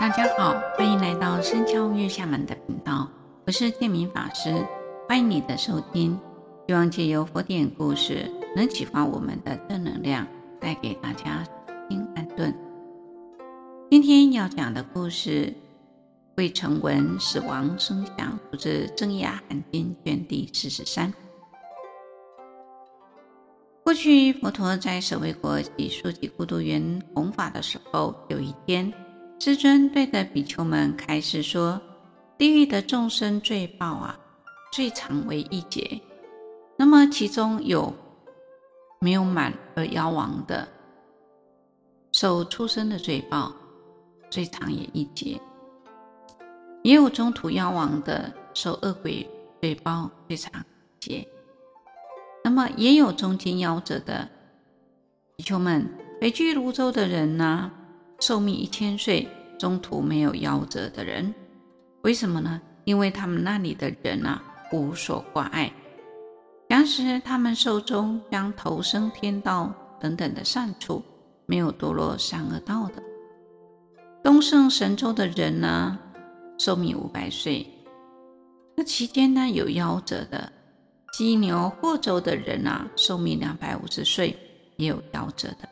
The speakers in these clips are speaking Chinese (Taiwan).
大家好，歡迎來到“深敲月下門”的頻道，我是建明法師，歡迎你的收聽。希望借由佛典故事，能啟發我們的正能量，帶給大家心安頓。今天要講的故事，《未曾聞死亡聲響》，出自《增壹阿含經》卷第四十三。過去佛陀在舍衛國祇樹給孤獨園弘法的時候，有一天。世尊對着比丘們開示說：“地獄的眾生罪報啊，最長為一劫。那麼，其中有沒有滿而夭亡的，受畜生的罪報，最長也一劫；也有中途夭亡的，受餓鬼罪報，最長一劫。那麼，也有中間夭折的。比丘們，北俱盧洲的人呢、啊，”壽命一千歲，中途沒有夭折的人，為什麼呢？因為他們那裡的人啊，無所掛礙，當時他們壽終將投生天道等等的善處，沒有墮落三惡道的。東勝身洲的人呢，壽命五百歲，那其間呢，有夭折的；西牛貨洲的人啊，壽命兩百五十歲，也有夭折的。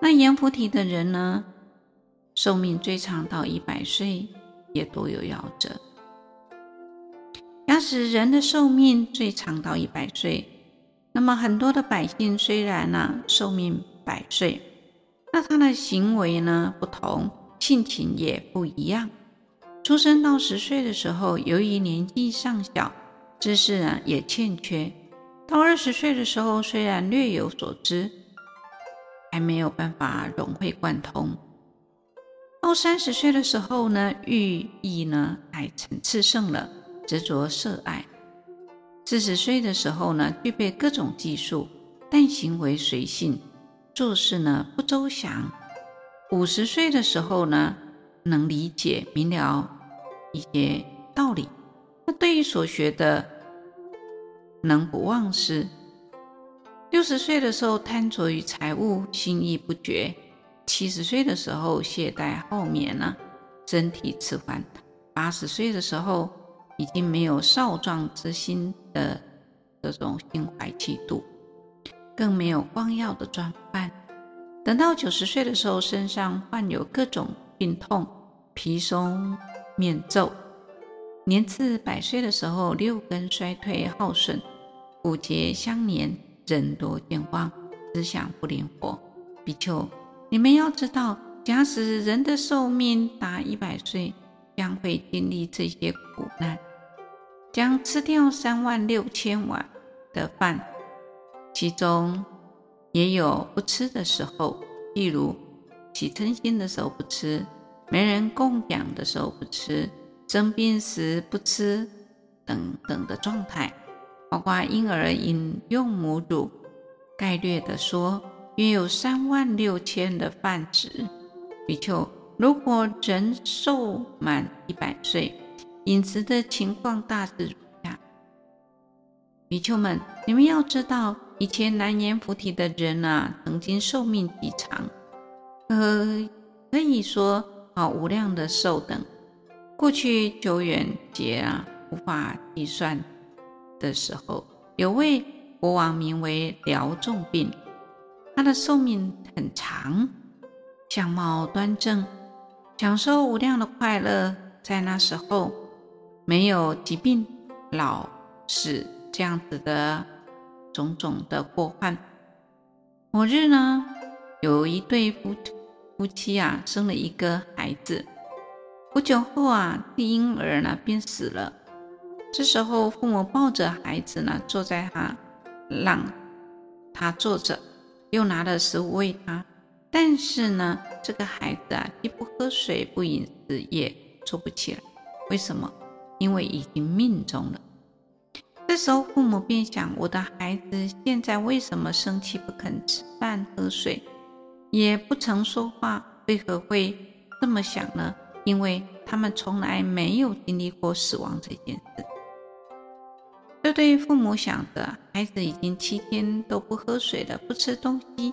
那閻浮提的人呢，壽命最長到一百歲，也多有夭折。假使人的壽命最長到一百歲，那麼很多的百姓雖然呢、啊、壽命百歲，那他的行為呢不同，性情也不一樣。出生到十歲的時候，由於年紀尚小，知識啊也欠缺；到二十歲的時候，雖然略有所知，還沒有辦法融會貫通。三十歲的時候呢，欲意呢愛熾盛了，執着色愛；四十歲的時候呢，具備各種技術，但行為隨性，做事呢不周詳；五十歲的時候呢，能理解明了一些道理，那對於所學的能不忘失；六十歲的時候貪着於財物，心意不決。七十歲的時候懈怠好眠了，身體遲緩；八十歲的時候已經沒有少壯之心的這種心懷氣度，更沒有光耀的裝扮。等到九十歲的時候，身上患有各種病痛，皮鬆面皺。年至百歲的時候，六根衰退耗損，骨節相連，人多健忘，思想不靈活。比丘。你們要知道，假使人的壽命達一百歲，將會經歷這些苦難，將吃掉三萬六千碗的飯，其中也有不吃的時候，例如起嗔心的時候不吃，沒人供養的時候不吃，生病時不吃等等的狀態，包括嬰兒飲用母乳，概略的說，約有三萬六千的飯食，比丘。如果人壽滿一百歲，飲食的情況大致如下：比丘們，你們要知道，以前南閻浮提的人啊，曾經壽命極長，呃，可以說啊無量的壽等。過去久遠劫啊，無法計算的時候，有位國王名為療眾病。他的壽命很長，相貌端正，享受無量的快樂，在那時候沒有疾病、老死這樣子的種種的過患。某日呢，有一對夫夫妻啊，生了一個孩子。不久後啊，這嬰兒呢便死了。這時候，父母抱着孩子呢，坐在他，讓他坐着。又拿了食物餵他，但是呢，這個孩子啊，既不喝水，不飲食，也坐不起來，為什麼？因為已經命終了。這時候父母便想：我的孩子現在為什麼生氣，不肯吃飯、喝水，也不曾說話？為何會這麼想呢？因為他們從來沒有經歷過死亡這件事。這對父母想着，孩子已經七天都不喝水了，不吃東西，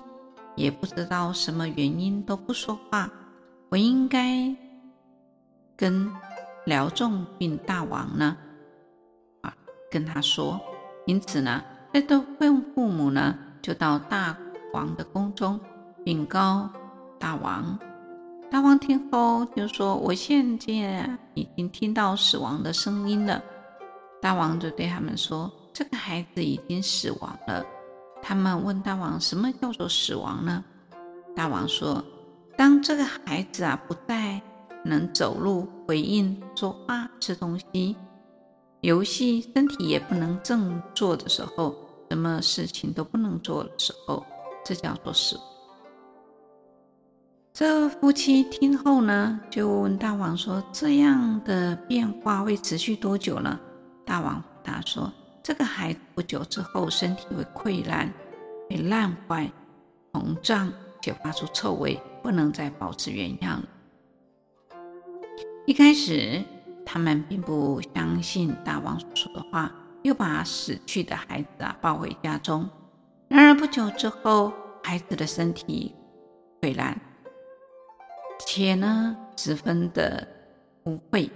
也不知道什麼原因都不說話。我應該跟療眾病大王呢，啊，跟他說。因此呢，這對父父母呢，就到大王的宮中禀告大王。大王聽後就說：“我現在已經聽到死亡的聲音了。”大王就對他們說：“這個孩子已經死亡了。”他們問大王：“什麼叫做死亡呢？”大王說：“當這個孩子啊，不再能走路、回應、說話、啊、吃東西、遊戲，身體也不能正坐的時候，什麼事情都不能做的時候，這叫做死。”這夫妻聽後呢，就問大王說：“這樣的變化會持續多久呢？”大王回答說：“這個孩子不久之後身體會潰爛，會爛壞、膨脹，且發出臭味，不能再保持原樣了。”一開始，他們並不相信大王所說的話，又把死去的孩子啊抱回家中。然而不久之後，孩子的身體潰爛，且呢十分的污穢。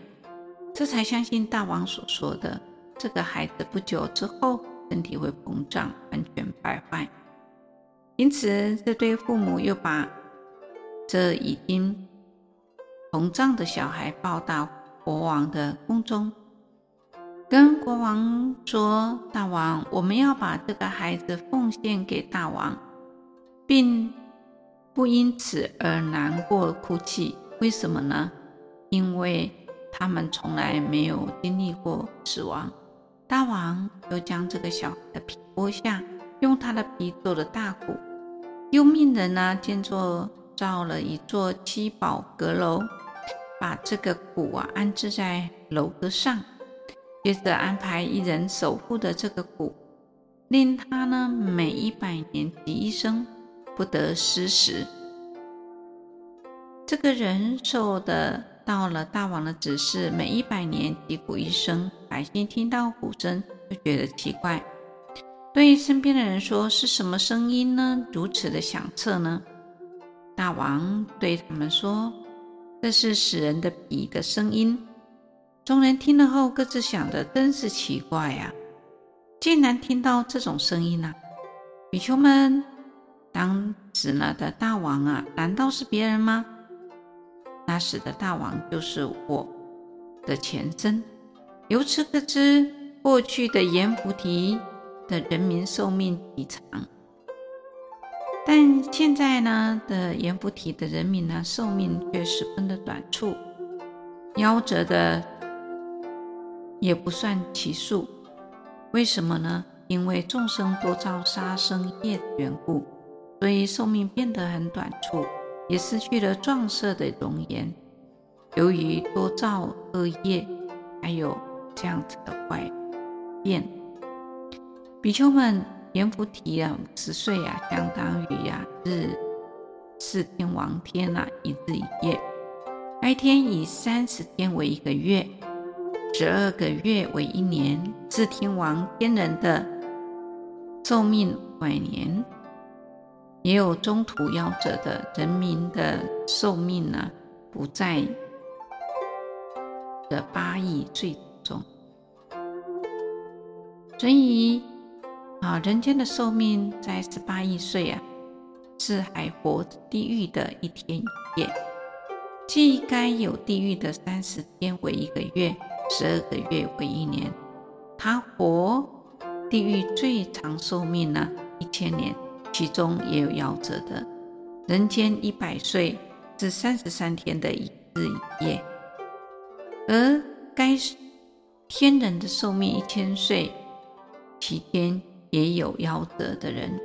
這才相信大王所說的，這個孩子不久之後身體會膨脹，完全敗壞。因此，這對父母又把這已經膨脹的小孩抱到國王的宮中，跟國王說：“大王，我們要把這個孩子奉獻給大王，並不因此而難過哭泣。為什麼呢？因為……”他們從來沒有經歷過死亡。大王又將這個小孩的皮剝下，用他的皮做了大鼓，又命人呢建造造了一座七寶閣樓，把這個鼓啊安置在樓閣上，接着安排一人守護着這個鼓，令他呢每一百年擊一聲，不得失時。這個人受的。到了大王的指示，每一百年擊鼓一聲，百姓聽到鼓聲就覺得奇怪，對身邊的人說是什麼聲音呢？如此的響徹呢？大王對他們說：“這是死人的皮的聲音。”眾人聽了後各自想的真是奇怪呀、啊，竟然聽到這種聲音呢、啊！比丘們，當時的大王啊，難道是別人嗎？那時的大王就是我的前身。由此可知，過去的閻浮提的人民壽命極長，但現在呢的閻浮提的人民呢壽命卻十分的短促，夭折的也不算其數。為什麼呢？因為眾生多造殺生業的緣故，所以壽命變得很短促。也失去了壯色的容顏，由於多造惡業，還有這樣子的壞變。比丘們，閻浮提啊，五十歲啊，相當於呀、啊、是四天王天吶、啊，一日一夜。該天以三十天為一個月，十二個月為一年。四天王天人的壽命五百年。也有中途夭折的，人民的壽命呢，不在這八億歲中。所以啊，人間的壽命在十八億歲啊，是還活地獄的一天一夜。即該有地獄的三十天為一個月，十二個月為一年。還活地獄最長壽命呢，一千年。其中也有夭折的，人間，一百歲是三十三天的一日一夜，而該天人的壽命一千歲，其間也有夭折的人。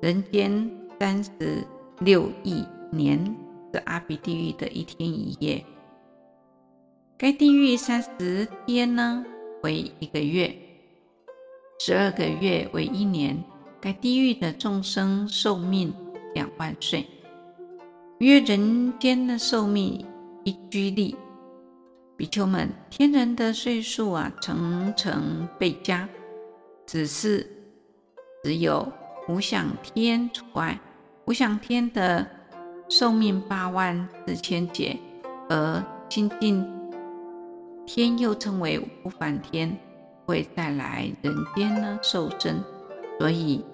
人間三十六億年是阿鼻地獄的一天一夜，該地獄三十天呢為一個月，十二個月為一年。該地獄的眾生壽命兩萬歲，約人間的壽命一拘利。比丘們，天人的歲數啊，層層倍加，只是只有無想天除外。無想天的壽命八萬四千劫，而淨居天又稱為五不還天，會再來人間呢，受生。所以，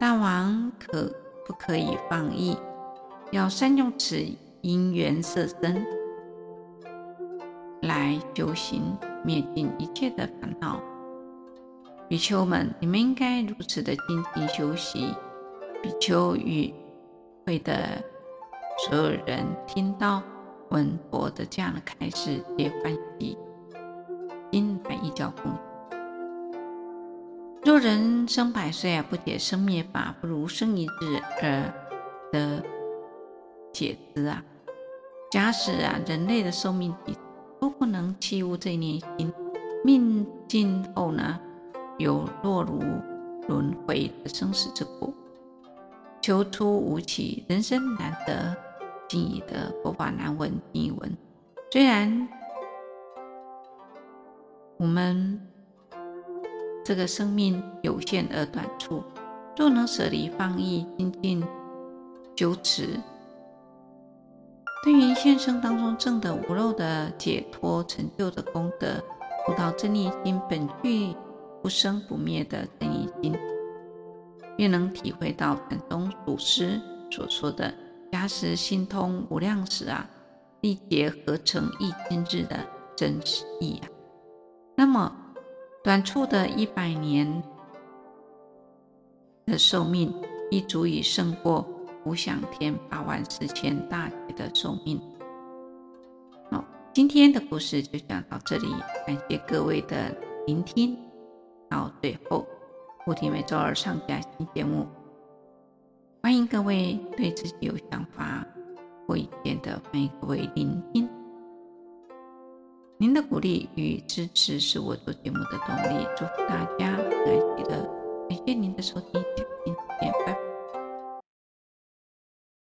大王可不可以放逸？要善用此因緣色身來修行，滅盡一切的煩惱。比丘們，你們應該如此的精進修行。比丘與會的所有人聽到文博的這樣的開示，皆歡喜，心生一條歡喜。若人生百歲啊，不解生滅法，不如生一日而得解之啊！假使啊，人類的壽命極長，都不能契悟這念心，命盡後呢，猶落入輪迴的生死之苦，求出無期，人身難得，今已得佛法難聞，今已聞。雖然我們。這個生命有限而短促，若能捨離放逸，精進修持，對於現生當中證的無漏的解脫成就的功德，悟到真一心本具不生不滅的真一心，便能體會到禪宗祖師所說的“加持心通無量時啊，歷劫合成一心智”的真實義啊。那麼。短促的一百年的壽命，亦足以勝過無想天八萬四千大劫的壽命。好、哦，今天的故事就講到這裡，感謝各位的聆聽。到最後，菩提每周二上架新節目，歡迎各位對自己有想法、有意見的歡迎各位聆聽。您的鼓勵與支持是我做節目的動力。祝福大家，開心的，感謝您的收聽，下期見，拜拜。